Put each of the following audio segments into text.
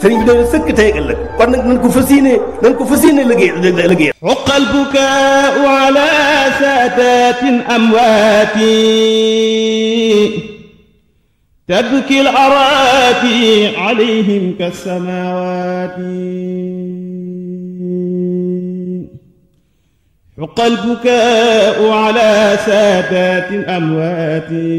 sëriñ bi daal sëkk tey ak ëllëg kon nag nañ ko fas yéene nañ ko fas yéene liggéey liggéey uqal bukaau ala saadatin amwaati tabki al araati alayhim kasamawaati حق البكاء على سادات أمواتي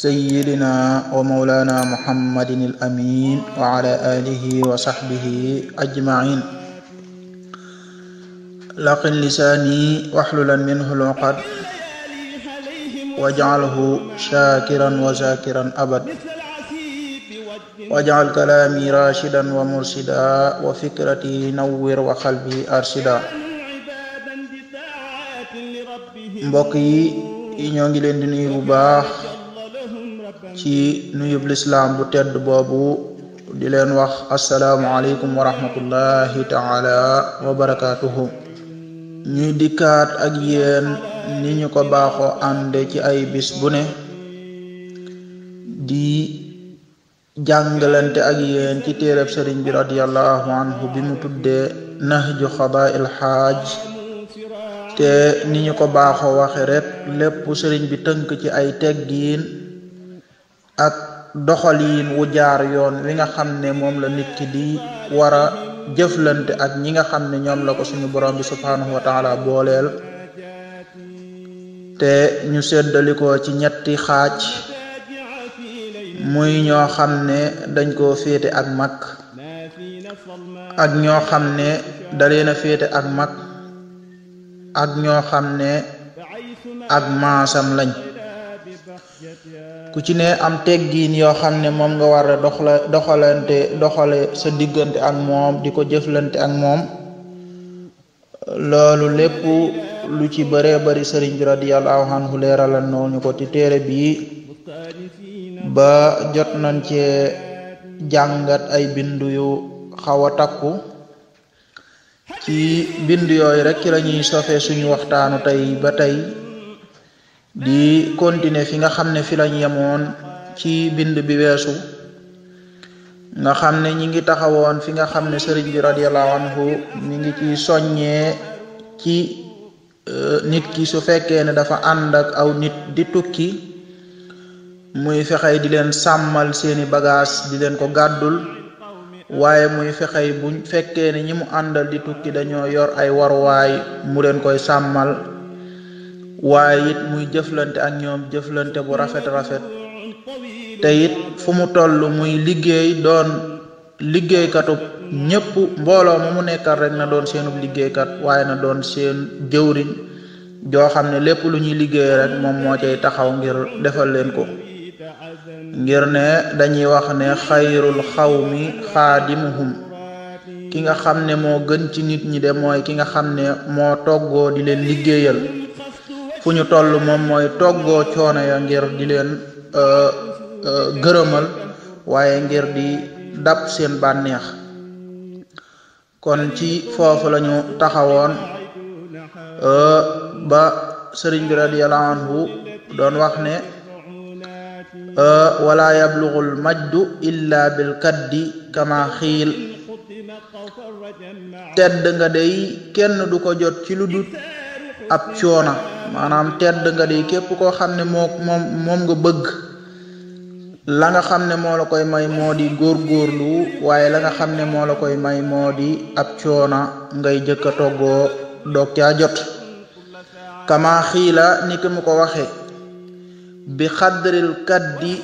سيدنا ومولانا محمد الأمين وعلى آله وصحبه أجمعين لقن لساني واحللا منه العقد واجعله شاكرا وذاكرا أبد واجعل كلامي راشدا ومرشدا وفكرتي نور وقلبي أرشدا mbokk yi ñoo ngi leen di nuyu bu baax ci nuyub lislaam bu tedd boobu di leen wax assalaamu aleykum wa rahmatullahi taala wa barakaatuhu ñuy dikkaat ak yéen ni ñu ko baaxoo ànde ci ay bis bu ne di jàngalante ak yéen ci téereb sëriñ bi radiallahu anhu bi mu tuddee nahju xadaa'il xaaj te ni ñu ko baaxoo waxe rek lépp sëriñ bi tënk ci ay teggiin ak doxalin wu jaar yoon wi nga xam ne moom la nit ki di war a jëflante ak ñi nga xam ne ñoom la ko suñu borom bi subhaanahu wa booleel te ñu séddali ko ci ñetti xaaj muy ñoo xam ne dañ koo féete ak mag ak ñoo xam ne da féete ak mag ak ñoo xam ne ak maasam lañ ku ci ne am teggiin yoo xam ne moom nga war a doxla doxalante doxale sa diggante ak moom di ko jëflante ak moom loolu lépp lu ci bëree bari sëriñ bi radiyallahu anhu leeralal noonu ko ci téere bii ba jot nañ cee jàngat ay bindu yu xaw a takku ci bind yooyu rek ci la ñuy sofee suñu waxtaanu tey ba tey di continuer fi nga xam ne fi lañ yemoon ci bind bi weesu nga xam ne ñi ngi taxawoon fi nga xam ne sëriñ bi radiallahu anhu ñu ngi ci soññee ci euh, nit ki su fekkee ne dafa ànd ak aw nit di tukki muy fexey di leen sàmmal seeni bagage di leen ko gàddul waaye muy fexey bu fekkee ne ñi mu àndal di tukki dañoo yor ay waruwaay mu leen koy sàmmal waaye it muy jëflante ak ñoom jëflante bu rafet rafet te it fu mu toll muy liggéey doon liggéeykatu ñépp mbooloo ma mu nekkal rek na doon seenub liggéeykat waaye na doon seen jëwriñ joo xam ne lépp lu ñuy liggéey rek moom moo cay taxaw ngir defal leen ko ngir ne dañuy wax ne xayrul xawmi xaadimuhum ki nga xam ne moo gën ci nit ñi de mooy ki nga xam ne moo toggoo di leen liggéeyal fu ñu toll moom mooy toggoo coono ya ngir di leen euh, euh, gërëmal waaye ngir di dab seen bànneex kon ci foofu lañu taxawoon euh, ba sëriñ bi radiyallahu anhu doon wax ne wala yablughul majdu illa bil kaddi kama xiil tedd nga day kenn du ko jot ci lu dut ab coona maanaam tedd nga di képp koo xam ne moo moom nga bëgg la nga xam ne moo la koy may moo di góor góorgóorlu waaye la nga xam ne moo la koy may moo di ab coona ngay jëkk a toggoo doog caa jot kama xiila ni ki mu ko waxe bi xadril kaddi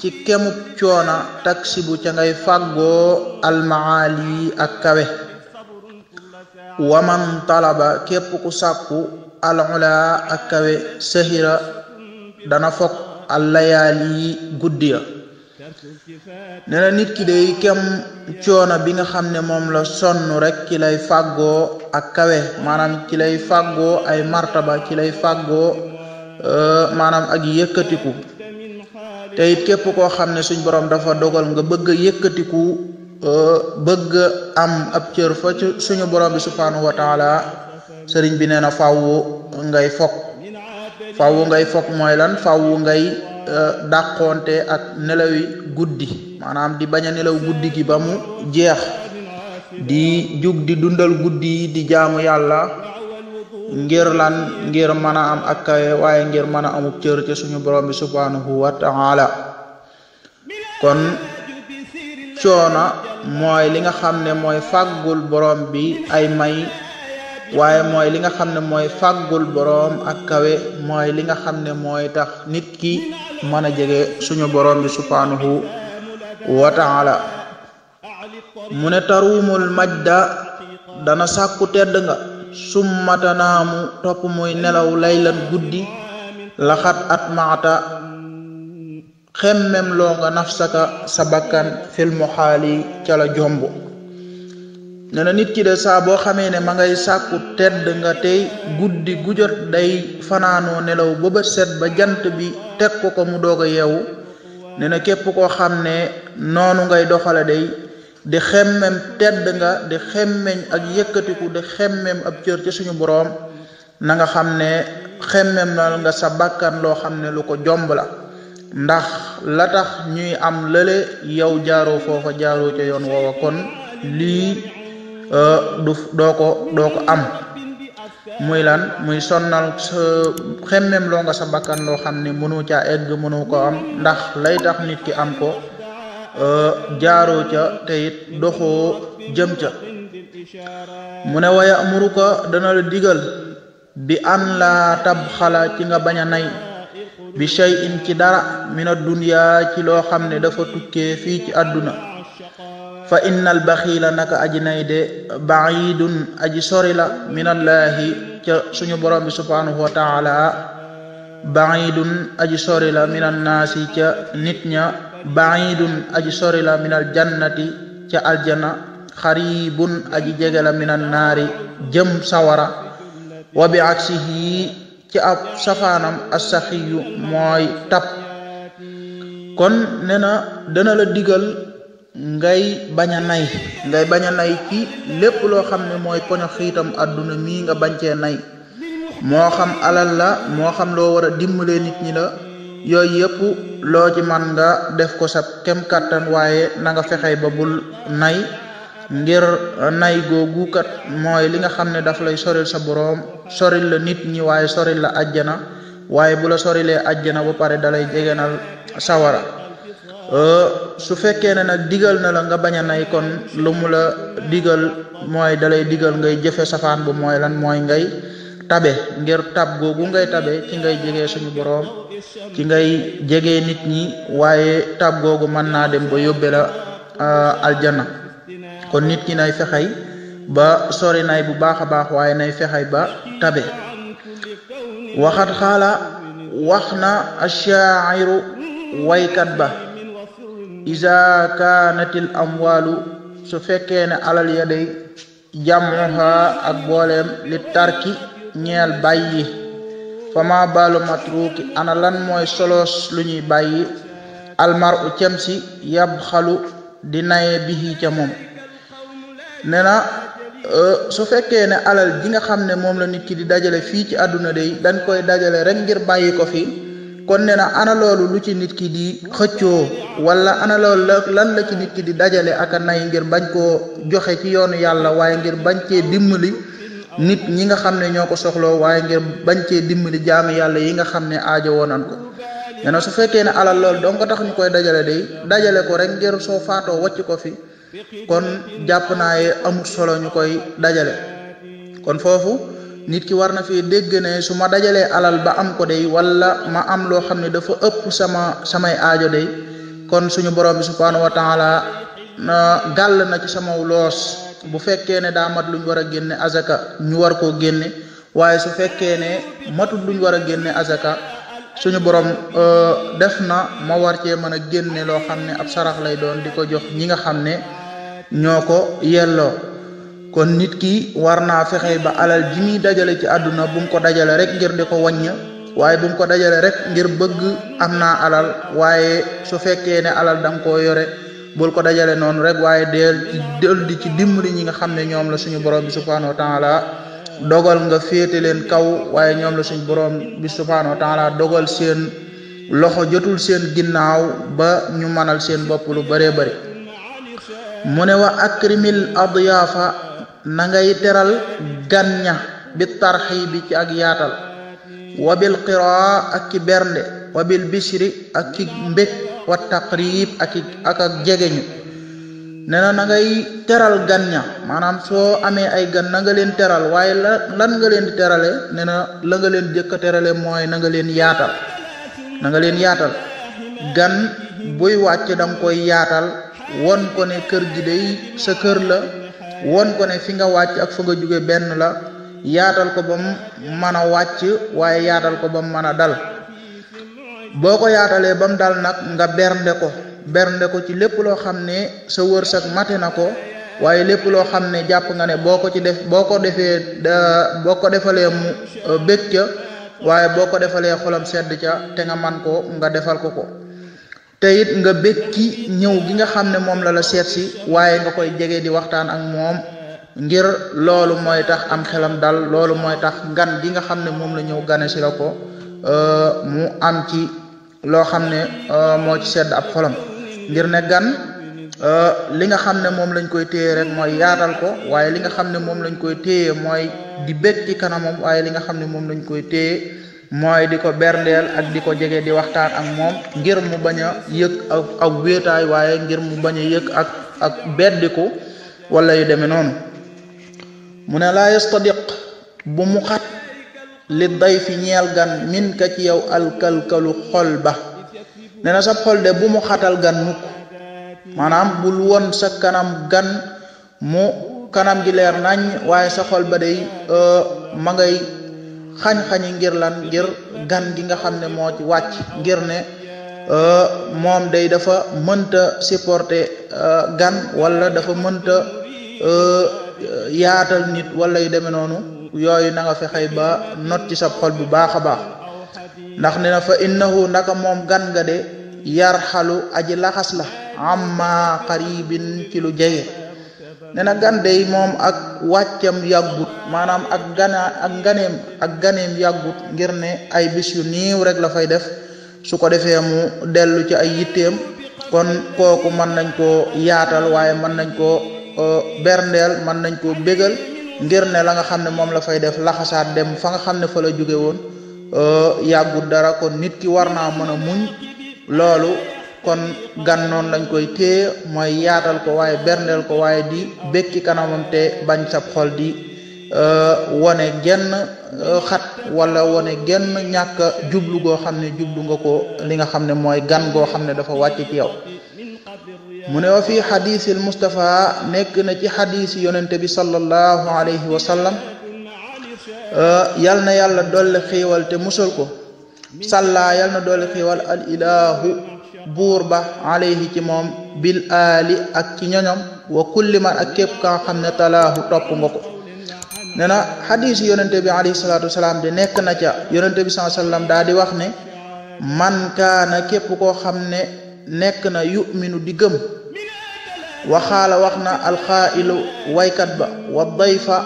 ci kemub coona taksibu ca ngay fàggoo almaali ak kawe waman talaba képp ku sàkku alxulaa ak kawe sahira dana fokk allayaali yi guddi ya nee na nit ki day kem coono bi nga xam ne moom la sonn rek ki lay fàggoo ak kawe maanaam ci lay fàggoo ay martaba ki lay fàggoo euh, maanaam ak yëkkatiku te képp koo xam ne suñ borom dafa dogal nga bëgg a yëkkatiku euh, bëgg am ab cër fa suñu borom bi subhaanahu wa sëriñ bi nee na faw ngay fokk faw ngay fokk mooy lan faw ngay euh, dàqonte ak nelawi guddi maanaam di bañ a nelaw guddi gi ba mu jeex di jug di dundal guddi yi di jaamu yàlla ngir lan ngir mën a am ak kawe waaye ngir mën a amub cër suñu borom bi subhanahu wa taala kon coona mooy li nga xam ne mooy fàggul borom bi ay may waaye mooy li nga xam ne mooy fàggul boroom ak kawe mooy li nga xam ne mooy tax nit ki mën a jege suñu boroom bi subhaanahu wa taala mu ne taruumul majda dana sàkku tedd nga summatanaamu topp muy nelaw laylan guddi laxat at maata xemmem loo nga nafsaka sa bakkan fil cala jomb ne na nit ki de saa boo xamee ne ma ngay sàkku tedd nga tey guddi gu day fanaanoo nelaw ba ba set ba jant bi teg ko ko mu doog a yeewu ne képp koo xam ne noonu ngay doxale day di xemmem tedd nga di xemmeñ ak yëkkatiku di xemmem ab cër ci suñu boroom na nga xam ne xemmem nal nga sa bàkkan loo xam ne lu ko jomb la ndax la tax ñuy am lële yow jaaroo foofa jaaroo ca yoon woowa kon lii Euh, du doo ko doo ko am muy lan muy sonnal sa xemmem loo sa bakkan loo xam ne mënu caa egg mënu ko am ndax lay tax nit ki am ko euh, jaaroo ca te it jëm ca mu ne waya muruka dana la digal bi an laa tab xala ci nga bañ a nay bi shay in ci dara mina dunya ci loo xam ne dafa tukkee fii ci àdduna fa innal baxiila naka aji nay de baidun aji sori la minallaahi ca suñu borom bi subhaanahu wa taala baidun aji sori la minannaasi ca nit ña baidun aji sori la minal jannati ca aljana xaribun aji jege la minannaari jëm sawara wa bi aksihi ci ab safaanam assaxiyu mooy tab kon nee dana la digal ngay bañ a nay ngay bañ a nay ci lépp loo xam ne mooy poño xiitam àdduna mii nga bañ cee nay moo xam alal la moo xam loo war a dimbalee nit ñi la yooyu yëpp loo ci man nga def ko sa kem kàttan waaye nanga nga ba bul nay ngir nay googu kat mooy li nga xam ne daf lay soril sa borom soril la nit ñi waaye soril la ajjana waaye bu la sorilee ajjana ba pare dalay jegenal sawara Euh, su fekkee ne nag digal na la nga bañ a nay kon lu mu la digal mooy dalay digal ngay jëfe safaan bu mooy lan mooy ngay tabe ngir tab googu ngay tabe ci ngay jege suñu boroom ci ngay jege nit ñi waaye tab googu mën naa dem ba yóbbe la euh, aljana kon nit ñi nay fexey ba sori nay bu baax a baax waaye nay fexey ba tabe waxat xaala wax na ashairu waykat ba iza kaanatil amwaalu su fekkee ne alal ya day jamuha ak booleem li tarki ñeel bàyyi fama baalu matruki ana lan mooy solos lu ñuy bàyyi almar u cem si yab xalu di naye bihi ca moom ne e, su fekkee ne alal ji nga xam ne moom la nit ki di dajale fii ci àdduna day dañ koy dajale rek ngir bàyyi ko fii kon nee na ana loolu lu ci nit ki di xëccoo wala ana loolu la lan la ci nit ki di dajale ak a nay ngir bañ koo joxe ci yoonu yàlla waaye ngir bañ cee dimbali nit ñi nga xam ne ñoo ko soxloo waaye ngir bañ cee dimbali jaamu yàlla yi nga xam ne aajo woonan ko nee su fekkee ne alal loolu donc tax ñu koy dajale day dajale ko rek ngir soo faatoo wàcc ko fi kon jàpp naa ye amul solo ñu koy dajale kon foofu nit ki war na fee dégg ne su ma dajalee alal ba am ko day wala ma am loo xam ne dafa ëpp sama samay aajo day kon suñu borom bi subhaanahu wa taala na gàll na ci sama loos bu fekkee ne daa mat lu ñu war a génne azaka ñu war koo génne waaye su fekkee ne matul lu ñu war a génne azaka suñu borom euh, def na ma war cee mën a génne loo xam ne ab sarax lay doon di ko jox ñi nga xam ne ñoo ko yelloo kon nit ki war naa fexe ba alal ji muy dajale ci àdduna bu mu ko dajale rek ngir di ko wàññ waaye bu mu ko dajale rek ngir bëgg am naa alal waaye su fekkee ne alal da ko yore bul ko dajale noonu rek waaye deel ci del di ci dimbali ñi nga xam ne ñoom la suñu borom bi subhanahu wa taala dogal nga féete leen kaw waaye ñoom la suñu boroom bi subhanahu wa dogal seen loxo jotul seen ginnaaw ba ñu mënal seen bopp lu bëree bëri mu ne wa akrimil adyaafa na ngay teral gan ña bi tarxi bi ci ak yaatal wabil qiraa ak ci bernde wabil bishri ak ci mbég wa taqrib ak ak ak jegeñu nee na na ngay teral gan ña maanaam soo amee ay gan nanga leen teral waaye la lan nga leen terale nee na la leen jëkka terale mooy na nga leen yaatal na nga leen yaatal gan buy wàcc da koy yaatal won ko ne kër gi day sa kër la won ko ne fi nga wàcc ak fa nga jóge benn la yaatal ko ba mana mën a wàcc waaye yaatal ko ba mu mën a dal boo ko yaatalee ba mu dal nag nga bernde ko bernde ko ci lépp loo xam ne sa wërsëg mate na ko waaye lépp loo xam ne jàpp nga ne boo ko ci def boo ko defee boo ko defalee mu euh, bég ca waaye boo ko defalee xolam sedd ca te man ko nga defal ko ko te it nga bég ci ñëw gi nga xam ne moom la la seet si waaye nga koy jege di waxtaan ak moom ngir loolu mooy tax am xelam dal loolu mooy tax ngan gi nga xam ne moom la ñëw gane si la ko euh, mu am ci loo xam ne euh, moo ci sedd ab xolam ngir ne gan euh, li nga xam ne moom lañ koy téye rek mooy yaatal ko waaye li nga xam ne moom lañ koy téye mooy di bég ci kanamam waaye li nga xam ne moom lañ koy téye mooy di ko berndeel ak di ko jege di waxtaan ak moom ngir mu bañ a yëg ak ak wéetaay waaye ngir mu bañ a yëg ak ak beddiku walla yu demee noonu mu ne laa yastadiq bu mu xat li day fi ñeel gan min ci yow alkalkalu xol ba ne na sab xol de bu mu xatal gan mukk maanaam bul won sa kanam gan mu kanam gi leer nañ waaye sa xol ba day euh, ma ngay xañ-xañi ngir lan ngir gan gi nga xam ne moo ci wàcc ngir ne euh, moom day dafa mënta supporter euh, gan wala dafa mënta euh, yaatal nit wala yu demee noonu yooyu na nga fexey ba not ci sa xol bu baax a baax ndax ne na fa innahu naka moom gan nga de yarxalu aji laxas la amma qaribin ci lu jege nee na gan day moom ak wàccam yàggut maanaam ak gana ak ganeem ak ganeem yàggut ngir ne ay bis yu niiw rek la fay def su ko defee mu dellu ci ay yitteem kon kooku mën nañ koo yaatal waaye mën nañ koo berndeel mën nañ koo bégal ngir ne la nga xam ne moom la fay def laxasaat dem fa nga xam ne fa la jóge woon yàggut dara kon nit ki war naa mën a muñ loolu kon gan noonu lañ koy téye mooy yaatal ko waaye berndeel ko waaye di békki kanamam te bañ sab xol di euh, wane genn euh, xat wala wone genn ñàkk jublu goo xam ne jublu nga ko li nga xam ne mooy gan goo xam ne dafa wàcc ci yow mu ne wa fi xadiisil Mustafa nekk na ci xadiisi yonente bi sallallahu alayhi wa sallam euh, yal na yàlla dolli xiiwal te musal ko sàllaa yal dolli xiiwal al ilahu buur ba alayhi ci moom bil aali ak ci ñoñom wa kulli man ak képp ka nga xam ne talaahu topp nga ko nee na xadiis yonente bi alayhi nekk na ca yonente bi saa sallam di wax ne man kaana képp koo xam ne nekk na yuminu di gëm waxaala wax na alxaa'ilu waykat ba wa dayfa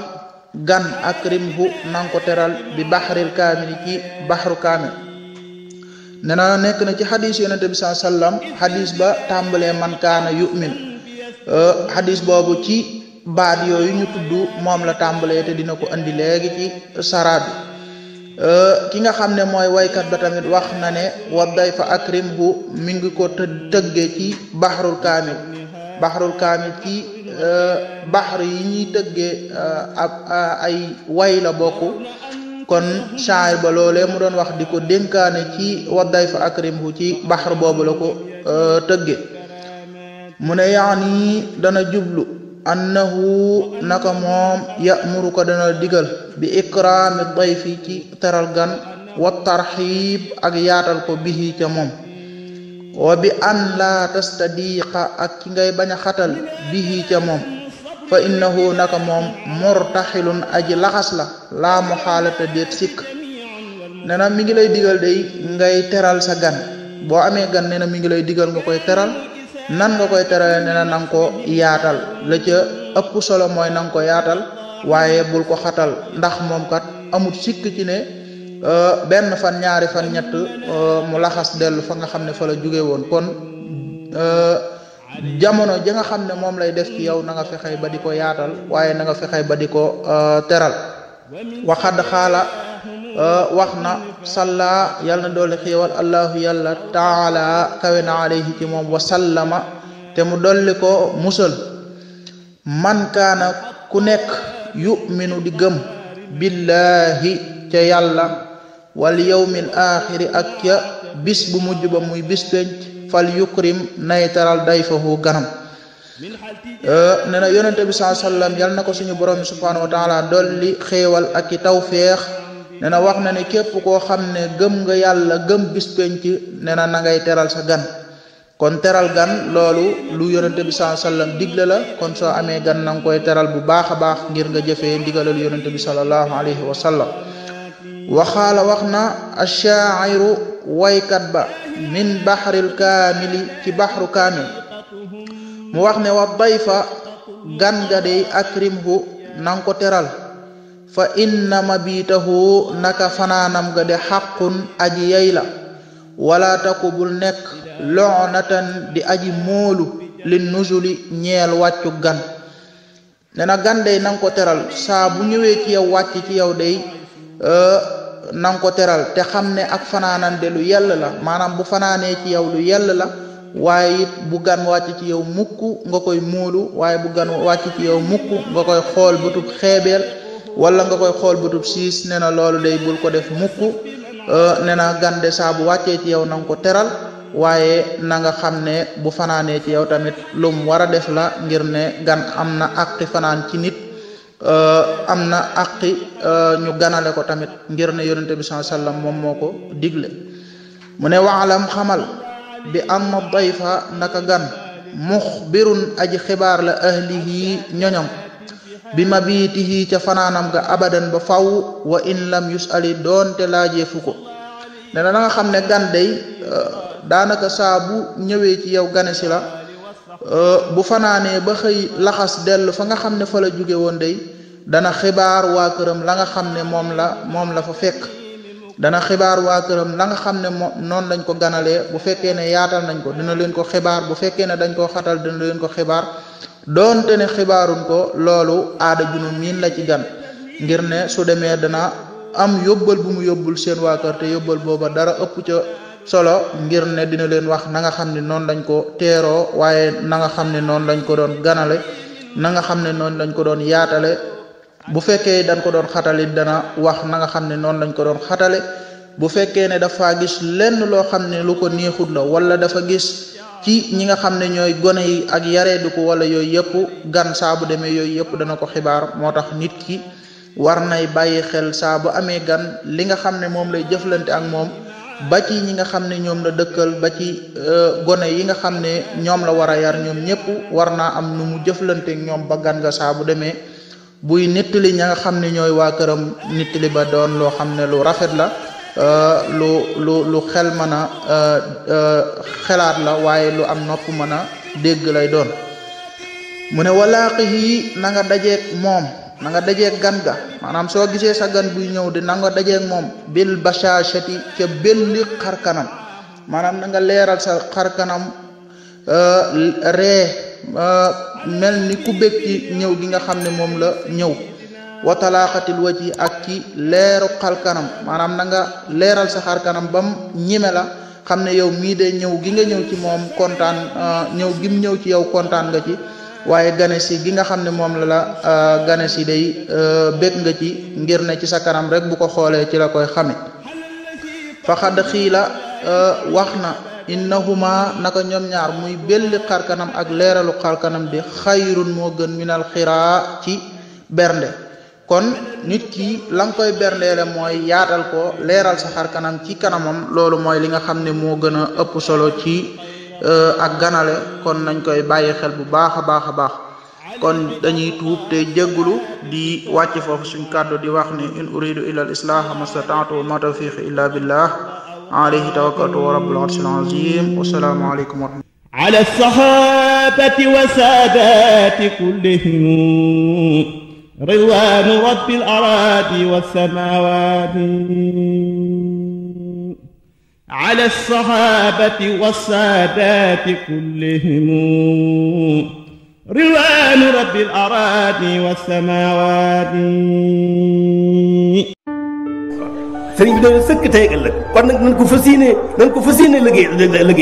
gan akrimhu nang ko teral bi baxril kaamili ci baxru kaamil nee na nekk na ci xadis yonente bi saa sallam xadis ba tàmbalee man kaana yumin xadis boobu ci baat yooyu ñu tudd moom la tàmbalee te dina ko andi léegi ci saraat bi ki nga xam ne mooy waykat ba tamit wax na ne wa day fa akrim bu mi ngi ko të tëgge ci baxarul kaamil baxarul kaamil ci baxar yi ñuy tëggee ab ay way la bokk kon shaayir ba loolee mu doon wax di ko dénkaane ci wadday fa akrimhu ci baxar boobu la ko euh, tëgge mu ne yaani dana jublu annahu naka moom ya'muru ko dana digal bi bay dayfi ci teral gan wa tarxiib ak yaatal ko bihi ca moom wa bi an la tastadiqa ak ki ngay bañ a xatal bihi moom fa innahu naka moom murtaxilun aji laxas la laa mu xaalata déet sikk nee mi ngi lay digal day ngay teral sa gan boo amee gan nee na mi ngi lay digal nga koy teral nan nga koy terale nee na nanga ko yaatal la ca ëpp solo mooy nanga ko yaatal waaye bul ko xatal ndax moom kat amut sikk ci ne euh, benn fan ñaari fan ñett euh, mu laxas dellu fa nga xam ne fa la jóge woon kon euh, jamono ji nga xam ne moom lay def ci yow nanga nga ba di ko yaatal waaye nanga nga ba di ko euh, teral waxad xaala euh, wax na salla yàlla na doole xéewal allahu yàlla taala kawe na ci moom wa sallama te mu dolli ko musal man kaana ku nekk yu yuminu di gëm billahi ca yàlla wal yawmil axiri ak ca bis bu mujj ba muy bis penc fal yukrim nay taral dayfahu ganam ne na yonente bi saa sallam yal na ko suñu borom bi subhanahu wa taala dolli xéewal ak i taw feex na wax na ne képp koo xam ne gëm nga yàlla gëm bis penc ne na na ngay teral sa gan kon teral gan loolu lu yonente bi saa sallam digle la kon soo amee gan na koy teral bu baax a baax ngir nga jëfee ndigalal yonente bi salallahu alayhi wa waxaala wax na ashairu woykat ba min baxril kaamili ci baxru kaamil mu wax ne wa dayfa gan ga dey akrimhu nang ko teral fa inna mabitahu naka fanaanam ga de xaqun aji yey la wala taku bul nekk lonatan di aji móolu li nuzuli ñeel wàccu gan ne na gan dey nang ko teral saa bu ñëwee ci yow wàcc ci yow dey euh, na nga ko teral te xam ne ak fanaanande lu yell la maanaam bu fanaanee ci yow lu yell la waaye it bu gan wàcc ci yow mukk nga koy muulu waaye bu gan wàcc ci yow mukk nga koy xool bëtub xeebeel wala nga koy xool bëtub sis nee na loolu day bul ko def mukk nee na gan de saa bu wàccee ci yow na ko teral waaye na nga xam ne bu fanaanee ci yow tamit lum war a def la ngir ne gan am na àqi fanaan ci nit Euh, am na àqi euh, ñu ganale ko tamit ngir ne yonente bi saa sallam moom moo ko digle mu ne waalam xamal bi anna dayfa naka gan muxbirun aji xibaar la ahlihi ñoñom bi mabitihi ca fanaanam ga abadan ba faw wa in lam yusali doonte laajeefu ko ne na nga xam ne gan day euh, daanaka saa bu ñëwee ci yow gane Euh, bu fanaanee ba xëy laxas dellu fa nga xam ne fa la jóge woon day dana xibaar waa këram la nga xam ne moom la moom la fa fekk dana xibaar waa këram la nga xam ne moom noonu lañ ko ganalee bu fekkee ne yaatal nañ ko dina leen ko xibaar bu fekkee ne dañ koo xatal dina leen ko xibaar doonte ne xibaaruñ ko loolu aada junu miin la ci gan ngir ne su demee dana am yóbbal bu mu yóbbul seen waa kër te yóbbal booba dara ëpp ca solo ngir ne dina leen wax nanga xam ne noonu lañ ko teeroo waaye na xam ne noonu lañ ko doon ganale na nga xam ne noonu lañ ko doon yaatale bu fekkee dañ ko doon xatali dana wax na xam ne noonu lañ ko doon xatale bu fekkee ne dafa gis lenn loo xam ne lu ko neexut la wala dafa gis ci ñi nga xam ne ñooy gone yi ak yareedu ko wala yooyu yëpp gan saabu demee yooyu yëpp dana ko xibaar moo tax nit ki war nay bàyyi xel saa bu amee gan li nga xam ne moom lay jëflante ak moom ba ci ñi nga xam ne ñoom la dëkkal ba ci euh, gone yi nga xam ne ñoom la war a yar ñoom ñëpp war naa am lu mu jëflanteek ñoom ba gan nga saa bu demee buy nettali ña nga xam ne ñooy waa këram nettali ba doon loo xam ne lu rafet la euh, lu lu lu xel mën a euh, xelaat la waaye lu am nopp mën a dégg lay doon mu ne walaaqihi na nga dajeek moom na nga dajeeg gan ga maanaam soo gisee sa gan buy ñëw di nanga nga dajeeg moom bil bashashati ca benn xar kanam maanaam na nga leeral sa xar kanam euh, ree euh, mel ni ku bég ci ñëw gi nga xam ne moom la ñëw wa talaaxatil ak ci leeru xar kanam maanaam na nga leeral sa xar kanam bam ñime la xam ne yow mii de ñëw gi nga ñëw ci moom kontaan euh, ñëw gim ñëw ci yow kontaan nga ci waaye ganesi gi nga xam ne moom la la euh, ganesi day euh, bég nga ci ngir ne ci sa kanam rek bu ko xoolee ci la koy xame fa xadd xiila euh, wax na innahuma naka ñoom ñaar muy belli xarkanam ak leeralu xarkanam bi xayrun moo gën minal xiraa ci bernde kon nit ki la nga koy berndeele mooy yaatal ko leeral sa xarkanam ci kanamam loolu mooy li nga xam ne moo gën a ëpp solo ci Euh, ak ganale kon nañ koy bàyyi xel bu baax a baax a baax kon dañuy tuub te jéggulu di wàcc foofu suñ kàddu di wax ni in uridu illa al islaaha mastata'tu wa ma tawfiqi illa billah alayhi tawakkaltu wa rabbil arshil azim wassalaamu aleykum wa rahmatullah ala sahabati wa saadati kullihim ridwanu rabbil aradi was samawati على الصحابة والسادات كلهم رضوان رب الأراضي والسماوات sëriñ bi de sëkk tey ëllëg kon nag nañ ko fas yéene nañ ko fas yéene liggéey liggéey